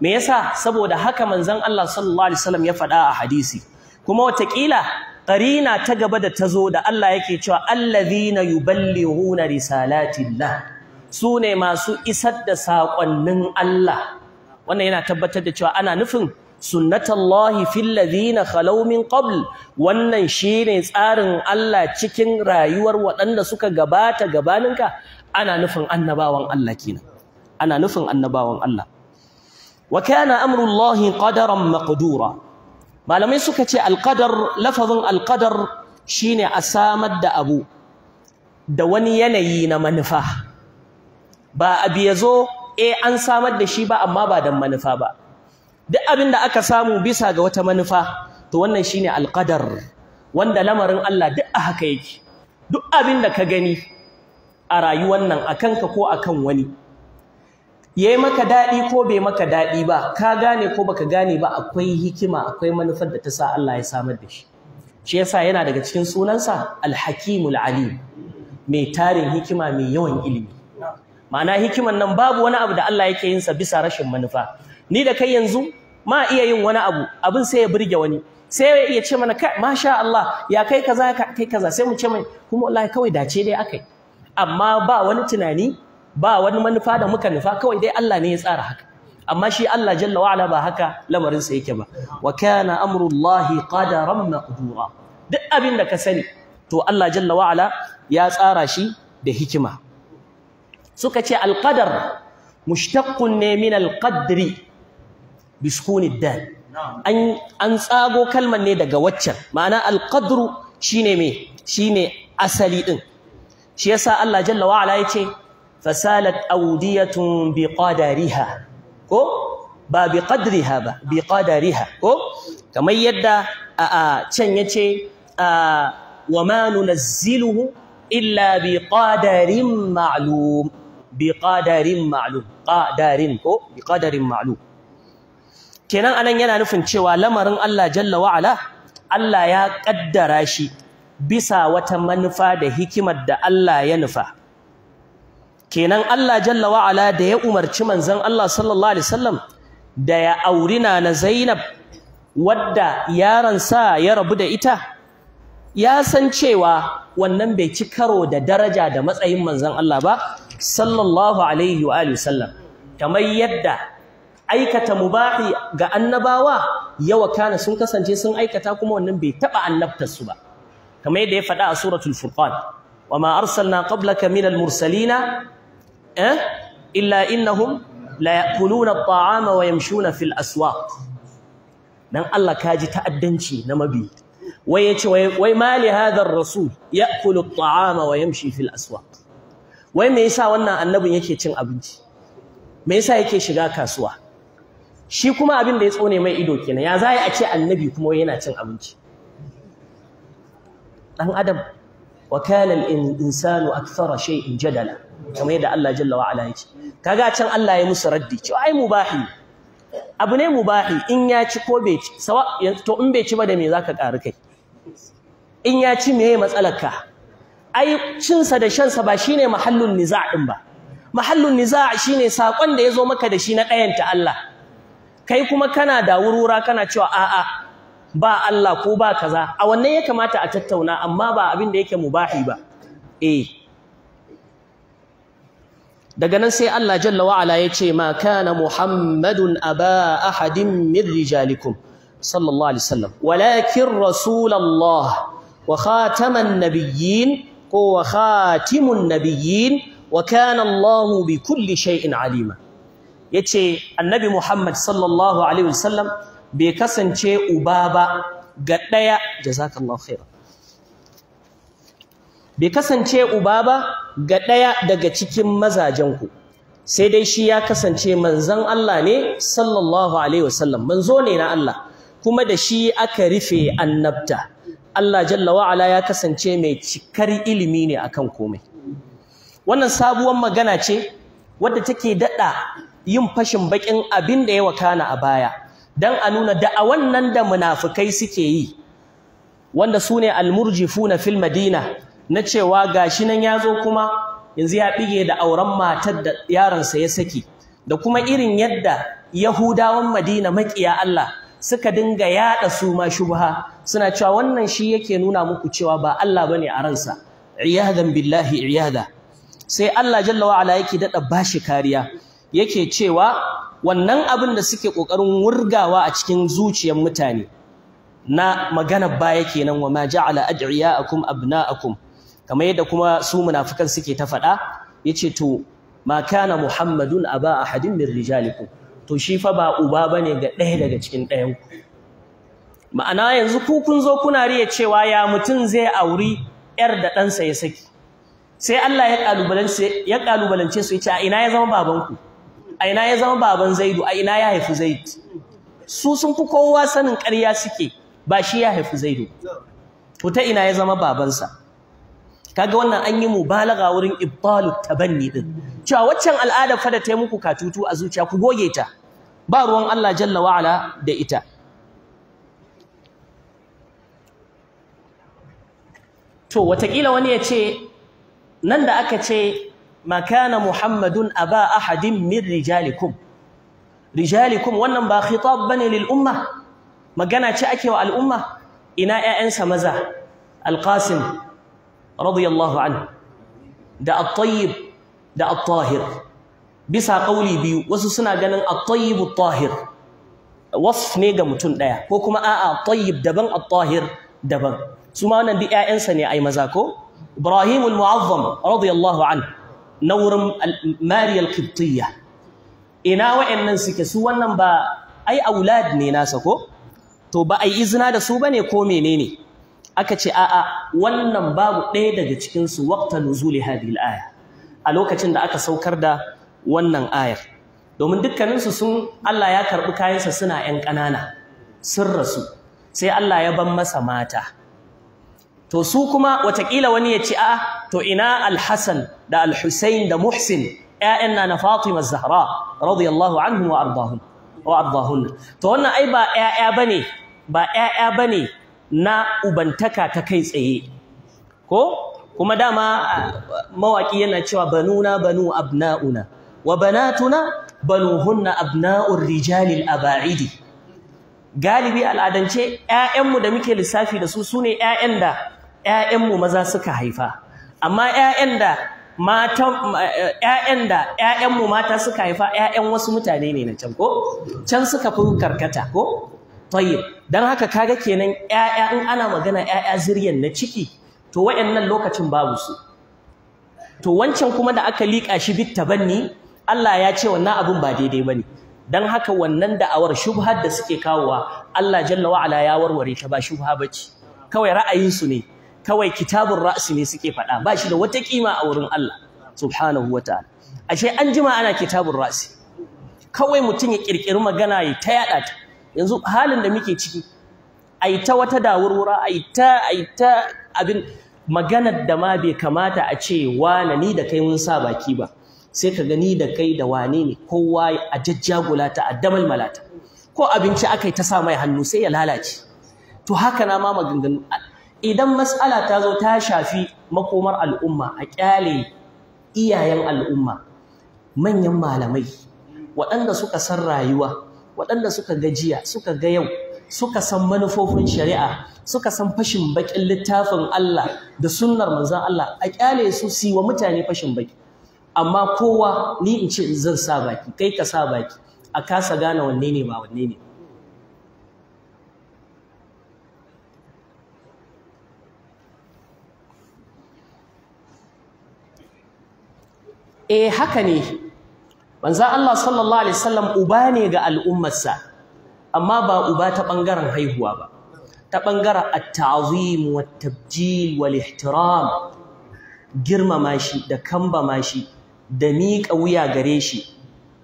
A: me yasa saboda haka manzon Allah sallallahu alaihi wasallam ya faɗa a hadisi kuma watakila qarina ta gaba da tazo da Allah yake cewa allazina yuballighuna risalatillah sune masu isar da sakonnin Allah wannan yana tabbatar da cewa ana nufin sunnatullahi fil ladina khalaw min qabl wannan shine tsarin Allah cikin rayuwar waɗanda suka gabata gabaninka ana nufin annabawan Allah kenan ana nufin annabawan Allah wa kana amrullahi qadaran maqdura malamai suka ce alqadar lafazin alqadar shine a samar da abu da wani yanayi na manufa ba abu ya zo eh an samar da shi ba amma ba da manufa ba duk abin da aka samu bisa ga wata manufa to wannan shine alqadar wanda lamarin Allah duk a haka yake duk abin da ka gani a rayuwar nan akanka ko akan wani ya yi maka daɗi ko bai maka daɗi ba ka gane ko baka gane ba akwai hikima akwai manufar da ta sa Allah ya samar da shi shi yasa yana daga cikin sunansa alhakimul alim mai tarin hikima mai yawan ilimi ma'ana hikiman nan babu wani abu da Allah yake yin sa bisa rashin manufa ni da kai yanzu ma iya yin wani abu abin sai ya burge wani sai ya ce mana kai masha Allah ya kai kaza kai kaza sai mu ce mai kuma wallahi kawai dace dai akai amma ba wani tunani ba wani manufa da muka nufa kawai dai Allah ne ya tsara haka amma shi Allah jalla wa ala ba haka lamarin sa yake ba wa kana amrullahi qadaran maqdura duk abin da ka sani to Allah jalla wa ala ya tsara shi da hikima suka ce alqadar mushtaqqun ne min alqadri bi sukuni dal an an tsago kalmar ne daga waccan ma'ana alqadru shine me shine asali din shi yasa Allah jalla wa ala yace fasalat awdiyatun biqadariha ko ba biqadriha ba ko kamar yadda a can yace wa ma nunazziluhu illa biqadarin ma'lum biqadarin ma'lum qadarin ko ma'lum kenan anan yana nufin cewa lamarin Allah jalla wa ala Allah ya kaddara shi bisa wata manufa da hikimar da Allah ya nufa kenan Allah jalla wa ala da ya umarci manzon Allah sallallahu alaihi wasallam da ya auri na Zainab wadda yaron sa ya rabu da ita ya san cewa wannan bai ci karo da daraja da matsayin manzon Allah ba sallallahu alaihi wa alihi wasallam kamar yadda aikata mubahi ga annabawa yawa kana sun kasance sun aikata kuma wannan bai taba annabtar su ba kamar yadda ya faɗa a suratul furqan وما أرسلنا قبلك من المرسلين eh illa innahum la yaquluna at-ta'ama wa yamshuna fil aswaq dan Allah kaji ta'addanci na mabi wai yace wai mali hadha ar-rasul ya'kulu at-ta'ama wa yamshi fil aswaq wai me yasa wannan annabin yake cin abinci me yasa yake shiga kasuwa shi kuma abin da ya tsone mai ido kenan ya zai a ce annabi kuma yana cin abinci dan adam wa kana al-insanu akthara shay'in jadala kamar yadda Allah jalla wa ala yake kaga can Allah ya musu raddi cewa ai mubahi abu ne mubahi in ya ci ko bai ci sawa to in bai ci ba da me zaka karu kai in ya ci meye matsalar ka ai cin sa da shan sa ba shine mahallun niza' din ba mahallun niza' shine sakon da yazo maka da shi na ɗayan Allah kai kuma kana da wurwura kana cewa a'a ba Allah ko ba kaza a wannan ya kamata a tattauna amma ba abin da yake mubahi ba eh daga nan sai Allah jalla wa'ala ya ce ma kana muhammadun aba ahadin min rijalikum sallallahu alaihi wasallam walakin rasulallah wa khataman nabiyyin ko wa khatimun nabiyyin wa kana Allah bi kulli shay'in alima yace annabi muhammad sallallahu alaihi wasallam bai kasance uba ba ga daya jazakallahu khairan bai kasance uba ba ga ɗaya daga cikin mazajenku sai dai shi ya kasance manzan Allah ne sallallahu alaihi wasallam manzo ne na Allah kuma da shi aka rufe annabta Allah jalla wa'ala ya kasance mai cikar ilimi ne akan komai wannan sabuwar magana ce wadda take daɗa yin fashin baƙin abin da ya wakana a baya don a nuna da a wannan da munafukai suke yi wanda su ne almurjifuna fil madina na cewa gashi nan ya zo kuma yanzu ya bige da auren matar da yaronsa ya saki da kuma irin yadda yahudawan madina maƙiya Allah suka dinga yaɗa su ma shubha suna cewa wannan shi yake nuna muku cewa ba Allah bane a ransa iyadan billahi iyada sai Allah jalla wa ala yake dada bashi kariya yake cewa wannan abin da suke ƙoƙarin wurgawa a cikin zuciyar mutane na magana baya kenan wa ma ja'ala ad'iyakum abna'akum kamar yadda kuma su munafikan suke ta faɗa yace to ma kana muhammadun aba ahadin min rijalikum to shi fa ba uba bane ga ɗaya daga cikin ɗayan ku ma'ana yanzu ku kun zo kuna riya cewa ya mutum zai auri yar da ɗansa ya saki sai Allah ya kalubalance ya kalubalance su yace a ina ya zama baban ku? a ina ya zama baban Zaidu a ina ya haifi Zaid su sun fi kowa sanin ƙarya suke ba shi ya haifi Zaidu to ta ina ya zama babansa kaga wannan an yi mubalaga wurin ibtalu tabanni din cewa waccan al'ada fa da ta muku katutu a zuciya ku goge ta ba ruwan Allah jalla wa ala da ita to watakila wani ya ce nan da aka ce makana muhammadun aba ahadin min rijalikum rijalikum wannan ba khitab bane lil umma magana ce ake wa al'umma ina 'ya'yansa maza alqasim radiyallahu anhu da at-tayyib da at-tahir bisa kauli biyu wasu suna ganin at-tayyib at-tahir wasf ne ga mutum daya ko kuma a'a at-tayyib daban at-tahir daban su ma wannan duk ƴaƴansa ne ai maza ko Ibrahim al-Mu'azzam radiyallahu anhu na wurin Mariya al-Qibtiyya ina wa'annan suke su wannan ba ai aulad ne nasa ko to ba ai izina da su bane ko menene aka ce a'a wannan babu ɗaya daga cikin su waqta nuzuli hadhihi al-aya a lokacin da aka saukar da wannan ayar domin dukkaninsu sun Allah ya karbi kayansa suna ƴan ƙanana sun rasu sai Allah ya ban masa mata to su kuma watakila wani ya ce a'a to ina al-Hasan da al da Muhsin ƴaƴan na Fatima zahra radiyallahu anhum wa ardahum wa ardahun to wannan ai ba ƴaƴa bane ba ƴaƴa bane na ubantaka ta kai tsaye ko kuma dama mawaki yana cewa banuna banu abna'una wa banatuna banuhunna abna'ur rijalil aba'idi galibi al'adance ƴaƴanmu da muke lissafi da su sune ƴaƴan da ƴaƴanmu maza suka haifa amma ƴaƴan da mata ƴaƴan da ƴaƴanmu mata suka haifa ƴaƴan wasu mutane ne na can ko can suka fi karkata ko tayyib dan haka kaga kenan ƴaƴa in ana magana ƴaƴa zuriyan na ciki to wayannan lokacin babu su to wancan kuma da aka lika shi bit tabanni Allah ya ce wannan abun ba daidai bane dan haka wannan da'awar shubhar da suke kawowa Allah jalla wa ala ya warware ta ba shubha bace kawai ra'ayin su ne kawai kitabun ra'si ne suke faɗa ba shi da wata kima a wurin Allah subhanahu wataala ashe an jima ana kitabun ra'si kawai mutum ya kirkiri magana ya ta yada ta yanzu halin da muke ciki ai ta wata dawurwura ai ta ta abin maganar da ma bai kamata a ce wane ni da kai mun sa baki ba sai ka gani da kai da wane ne kowa a jajjagula ta a damalmala malata. ko abinci aka yi ta sa mai hannu sai ya lalace to haka na ma maganganu idan matsala ta zo ta shafi makomar al'umma a kyale iyayen al'umma manyan malamai waɗanda suka san rayuwa waɗanda suka ga jiya suka ga yau suka san manufofin shari'a suka san fashin bakin littafin Allah da sunnar manzon Allah a kyale su si wa mutane fashin baki amma kowa ni in ce zan sa baki kai ka sa baki a kasa gane wanne ne ba wanne ne eh haka ne manzan Allah sallallahu alaihi wasallam uba ne ga al'ummarsa amma ba uba ta ɓangaren haihuwa ba ta bangaren at-ta'zim wa tabjil wal ihtiram girmama shi da kambama shi da miƙa wuya gare shi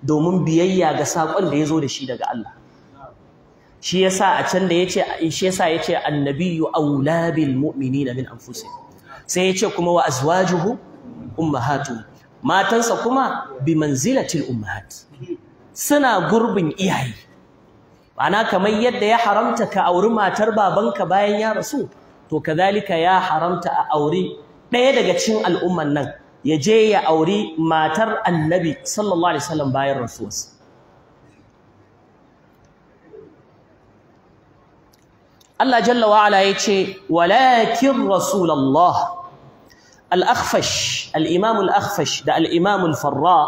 A: domin biyayya ga saƙon da ya zo da shi daga Allah shi yasa a can da yace shi yasa yace annabiyyu aula bil mu'minina min anfusihim sai yace kuma wa azwajuhu ummahatuhum matansa kuma bi manzilatil ummahat suna gurbin iyaye ana kamar yadda ya haramta ka auri matar babanka bayan ya rasu to kazalika ya haramta a auri ɗaya daga cikin al'umman nan ya je ya auri matar annabi sallallahu alaihi wasallam bayan rasuwarsa Allah jalla wa ala yace walakin Rasulallah. al akfash al da al'imamul farra al-farra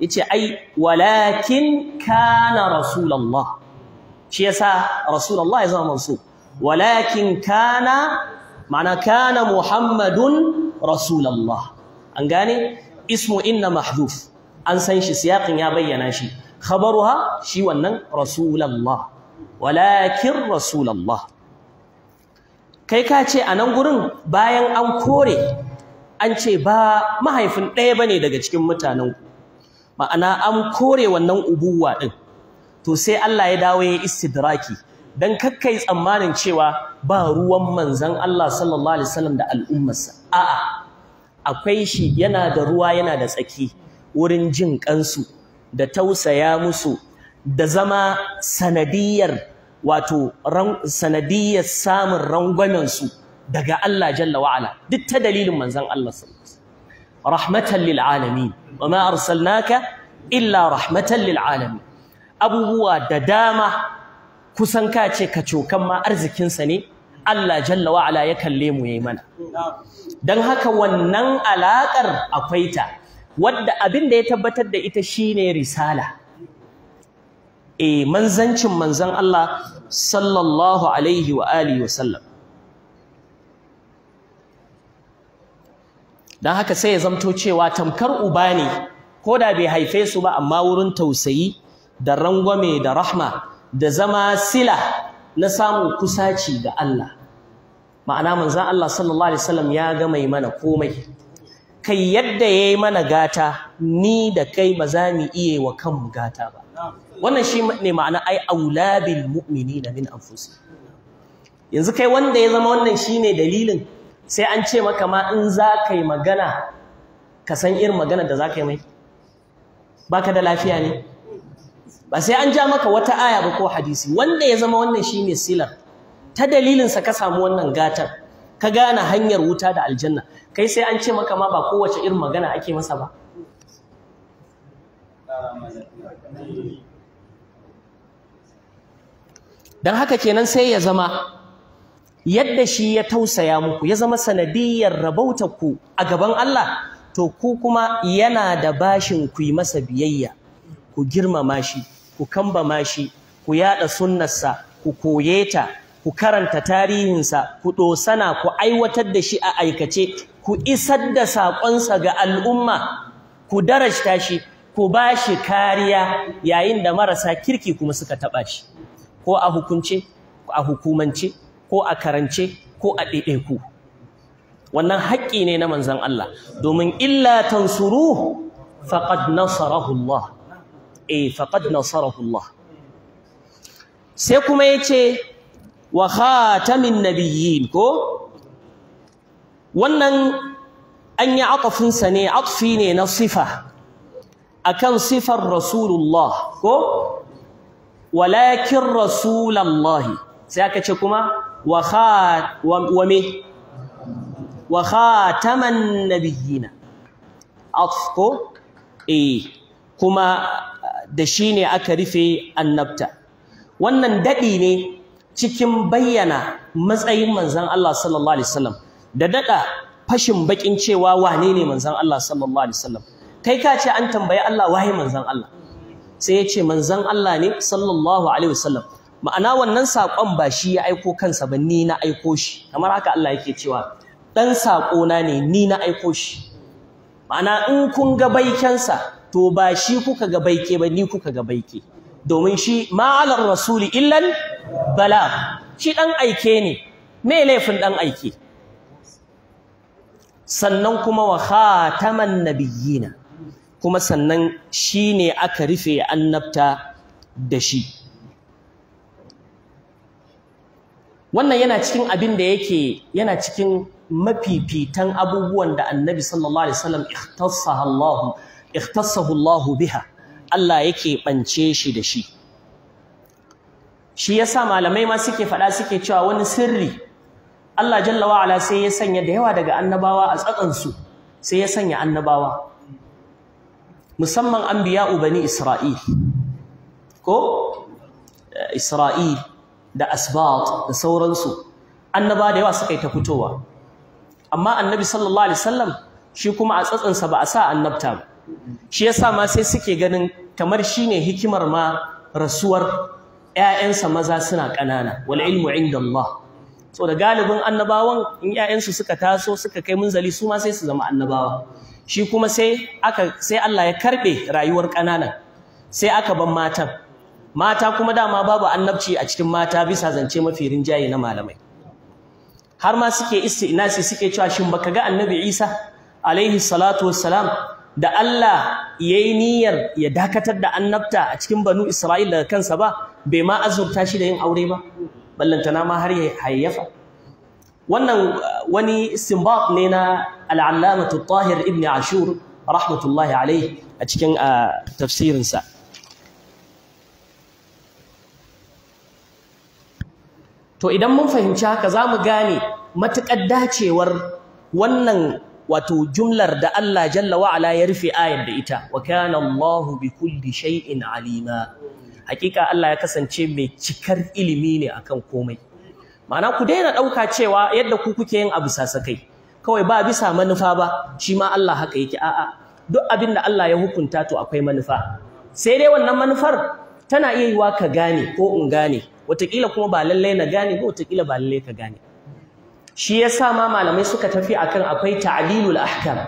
A: yace ai walakin kana rasulallah shi yasa rasulallah ya zama mansub walakin kana ma'ana kana muhammadun rasulallah an gane ismu inna mahduf an san shi siyaqin ya bayyana shi khabaruha shi wannan walakin rasulallah kai ka ce a nan gurin bayan an kore an ce ba mahaifin ɗaya ba ne daga cikin mutanen ku ma'ana an kore wannan ubuwa ɗin, to sai Allah ya dawo ya istidraki dan kakkai tsammanin cewa ba ruwan manzan Allah sallallahu alaihi wasallam da al'ummarsa a'a akwai shi yana da ruwa yana da tsaki wurin jin kansu da tausaya musu da zama sanadiyar wato sanadiyar samun rangwamen su daga Allah jalla wa'ala duk ta dalilin manzon Allah sallallahu alaihi rahmatan lil alamin wa ma arsalnaka illa rahmatan lil alamin abubuwa da dama kusan ka ce ka cokan ma arzikin sa ne Allah jalla wa'ala ya kalle mu yayi mana dan haka wannan alakar akwai ta wadda abin da ya tabbatar da ita shine risala eh manzancin manzon Allah sallallahu alaihi wa alihi wa sallam don haka sai ya zamto cewa tamkar uba ne ko da bai haife su ba amma wurin tausayi da rangwame da rahma da zama sila na samun kusaci ga Allah ma'ana manzon Allah sallallahu alaihi wasallam ya ga mai mana komai kai yadda yayi mana gata ni da kai ba za mu iya wa kanmu gata ba wannan shi ne ma'ana ai aulabil mu'minina min anfusihim yanzu kai wanda ya zama wannan shine dalilin sai an ce maka ma in za ka yi magana ka san irin magana da za ka yi mai ba ka da lafiya ne ba sai an ja maka wata aya ba ko hadisi wanda ya zama wannan shi ne silar ta dalilinsa ka samu wannan gatar, ka gane hanyar wuta da aljanna kai sai an ce maka ma ba kowace irin magana ake masa ba don haka kenan sai ya zama yadda shi ya tausaya muku ya zama sanadiyyar ku a gaban Allah to ku kuma yana da bashin ku yi masa biyayya ku girmama shi ku kambama shi ku yaɗa sunnarsa ku koye ta ku karanta tarihinsa ku ɗosana ku aiwatar da shi a aikace ku isar da saƙonsa ga al'umma ku darajta shi ku ba shi kariya yayin da marasa kirki kuma suka taɓa shi ko a hukunce a hukumance ko a karance ko a ɗaiɗaiku wannan haƙƙi ne na manzan Allah domin illa suru, faqad nasarahu Allah eh faƙad nasarahu Allah sai kuma yace wa khatamin nabiyyin ko wannan an yi atafin sa ne atfi ne na sifa akan sifar rasulullah ko walakin rasulallahi sai aka ce kuma wa khat wa me wa khataman nabiyina afko eh kuma da shi ne aka rufe annabta wannan daɗi ne cikin bayyana matsayin manzon Allah sallallahu alaihi wasallam da daɗa fashin bakin cewa wane ne manzon Allah sallallahu alaihi wasallam kai ka ce an tambayi Allah waye manzon Allah sai ya ce manzon Allah ne sallallahu alaihi wasallam ma'ana wannan saƙon ba shi ya aiko kansa ba ni na aiko shi kamar haka Allah yake cewa ɗan saƙona ne ni na aiko shi ma'ana in kun ga baikensa to ba shi kuka ga baike ba ni kuka ga baike domin shi ma'alar rasuli illan bala shi ɗan aike ne me laifin ɗan aike sannan kuma wa khataman nabiyina kuma sannan shi ne aka rufe annabta da shi wannan yana cikin abin da yake yana cikin mafifitan abubuwan da annabi sallallahu alaihi wasallam ikhtassaha Allah ikhtassahu Allah biha Allah yake bance shi da shi shi yasa malamai ma suke faɗa suke cewa wani sirri Allah jalla wa ala sai ya sanya da yawa daga annabawa a su. sai ya sanya annabawa musamman anbiya'u bani Isra'il ko Isra'il da asbat da sauransu annaba da yawa suka yi ta fitowa amma annabi sallallahu alaihi wasallam shi kuma a tsatsansa ba a sa annabta ba shi yasa ma sai suke ganin kamar shine hikimar ma rasuwar ƴaƴansa maza suna ƙanana wal ilmu inda Allah so da galibin annabawan in ƴaƴansu suka taso suka kai munzali su ma sai su zama annabawa shi kuma sai aka sai Allah ya karbe rayuwar ƙanana sai aka ban matan mata kuma dama babu annabci a cikin mata bisa zance mafi rinjaye na malamai har ma suke isti'nasi suke cewa shin baka ga annabi Isa alaihi salatu wassalam da Allah yayi niyyar ya dakatar da annabta a cikin banu Isra'ila daga kansa ba bai ma azurta shi da yin aure ba ballantana ma har ya hayyafa wannan uh, wani istinbat ne na al-allamatu tahir ibn ashur rahmatullahi alaihi a cikin uh, tafsirinsa to idan mun fahimci haka za mu gane matuƙar dacewar wannan wato jumlar da Allah jalla wa'ala ya rufe ayar da ita wa kana Allahu bi kulli shay'in alima hakika Allah ya kasance mai cikar ilimi ne akan komai ma'ana ku daina ɗauka cewa yadda ku kuke yin abu sasakai kawai ba bisa manufa ba shi ma Allah haka yake a'a duk abin da Allah ya hukunta to akwai manufa sai dai wannan manufar tana iya yiwa ka gane ko in gane watakila kuma ba lallai na gane ba wataƙila ba lallai ka gane shi yasa ma malamai suka tafi akan akwai talilul ahkam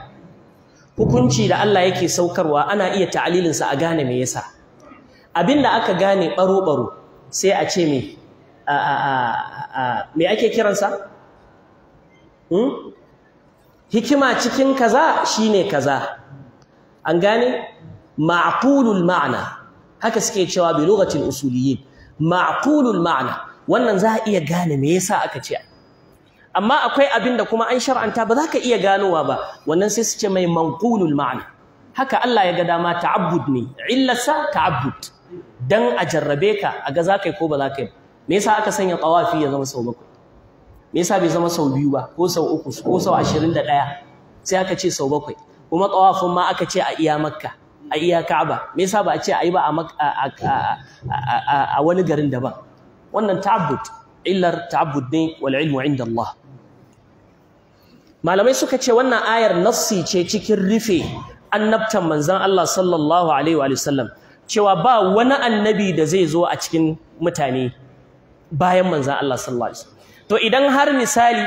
A: hukunci da Allah yake saukarwa ana iya talilin sa a gane me yasa abinda aka gane baro-baro sai a ce me me ake kiransa hmm? hikima cikin kaza shine kaza an gane ma'qulul ma'na haka suke cewa bi lughatil usuliyin ma'qulul ma'ana wannan za a iya gane me yasa aka ce amma akwai abin da kuma an shar'anta ba za ka iya ganowa ba wannan sai su ce mai manqulul ma'ana haka Allah ya ga dama ta'abbud ne sa ta'abbud dan a jarrabe ka a ga za ka ko ba za ka yi me yasa aka sanya tawafi ya zama sau bakwai me yasa bai zama sau biyu ba ko sau uku ko sau ashirin da ɗaya sai aka ce sau bakwai kuma tawafin ma aka ce a iya makka a iya Ka'aba me yasa ba a ce ayi ba a wani garin daban wannan ta'abbud illar ta'abbud ne wal ilmu inda Allah malamai suka ce wannan ayar nassi ce cikin rufe annabtan manzon Allah sallallahu alaihi wa sallam cewa ba wani annabi da zai zo a cikin mutane bayan manzon Allah sallallahu alaihi to idan har misali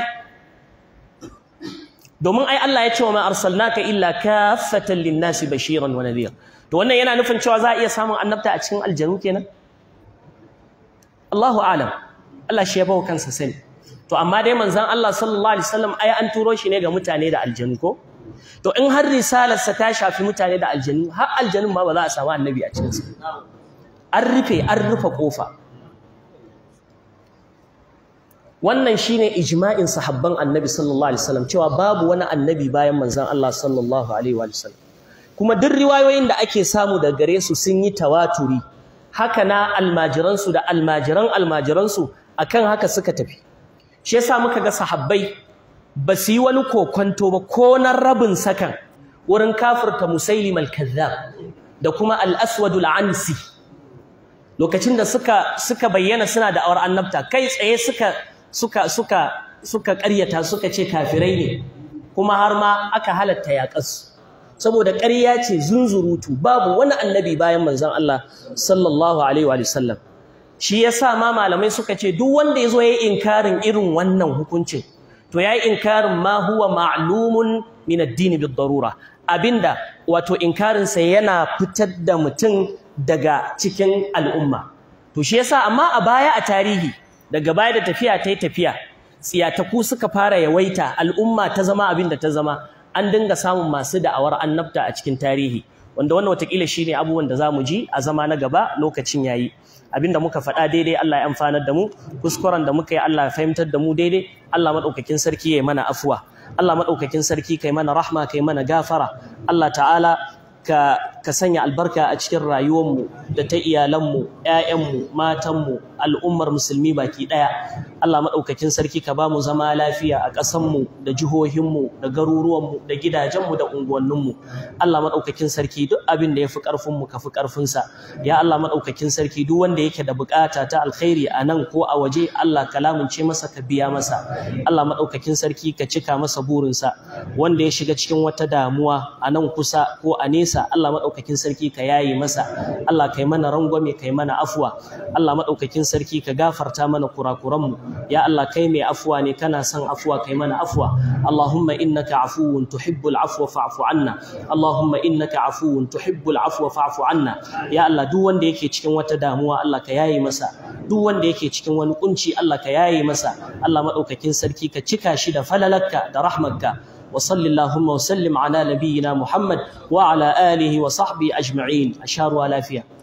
A: domin ai Allah ya ce wa ma arsalnaka illa kaffatan linnasi bashiran wa nadhira to wannan yana nufin cewa za a iya samun annabta a cikin aljanu kenan Allahu alam Allah shi ya bawo kansa sani to amma dai manzon Allah sallallahu alaihi wasallam ai an turo shi ne ga mutane da aljanu ko to in har risalarsa ta shafi mutane da aljanu har aljanun ma ba za a samu annabi a cikinsa an rufe an rufe kofa wannan shine ijma'in sahabban annabi sallallahu alaihi wasallam cewa babu wani annabi bayan manzon Allah sallallahu alaihi wasallam kuma duk riwayoyin da ake samu da gare su sun yi tawaturi haka na almajiransu da almajiran almajiransu akan haka suka tafi shi yasa muka ga sahabbai ba su yi wani kokonto ba ko na rabin sakan wurin kafirta musailim al-kazzab da kuma al-aswad al-ansi lokacin da suka suka bayyana suna da awar annabta kai tsaye suka suka suka suka ƙaryata suka ce kafirai ne kuma har ma aka halatta yaƙas, saboda ƙarya ce zunzurutu babu wani annabi bayan manzon Allah sallallahu alaihi wa sallam shi yasa ma malamai suka ce duk wanda yazo yayi inkarin irin wannan hukuncin to yayi inkarin ma huwa ma'lumun min ad-din bid-darura abinda wato inkarin sa yana fitar da mutum daga cikin al'umma to shi yasa amma a baya a tarihi daga baya da tafiya ta yi tafiya tsiyataku suka fara yawaita al'umma ta zama abin da ta zama an dinga samun masu da'awar annabta a cikin tarihi wanda wannan watakila shi ne abubuwan da za mu ji a zama na gaba lokacin yayi da muka faɗa daidai Allah ya amfanar da mu kuskuren da muka yi Allah ya fahimtar da mu daidai Allah madaukakin sarki ya yi mana afuwa Allah madaukakin sarki ka kai mana rahma ka kai mana gafara Allah ta'ala ka ka sanya albarka a cikin rayuwarmu da ta iyalanmu ‘ya'yanmu matanmu al'ummar musulmi baki ɗaya Allah maɗaukakin sarki ka ba mu zama lafiya a ƙasanmu da jihohinmu da garuruwanmu da gidajenmu da unguwanninmu Allah maɗaukakin sarki duk abin da ya fi ƙarfinmu ka fi ƙarfinsa ya Allah maɗaukakin sarki duk wanda yake da buƙata ta alkhairi a nan ko a waje Allah ka lamunce masa ka biya masa Allah maɗaukakin sarki ka cika masa burinsa wanda ya shiga cikin wata damuwa a nan kusa ko a nesa Allah madaukakin sarki ka yaye masa Allah kai mana rangwame kai mana afwa Allah maɗaukakin sarki ka gafarta mana kurakuran mu ya Allah kai mai afuwa ne kana son afwa kai mana afwa Allahumma innaka afuwun tuhibbul afwa fa'fu anna Allahumma innaka afuwun tuhibbul afwa fa'fu anna ya Allah duk wanda yake cikin wata damuwa Allah ka yaye masa duk wanda yake cikin wani kunci Allah ka yaye masa Allah madaukakin sarki ka cika shi da falalarka da rahmarka وصل اللهم وسلم على نبينا محمد وعلى آله وصحبه أجمعين أشهر ولا فيها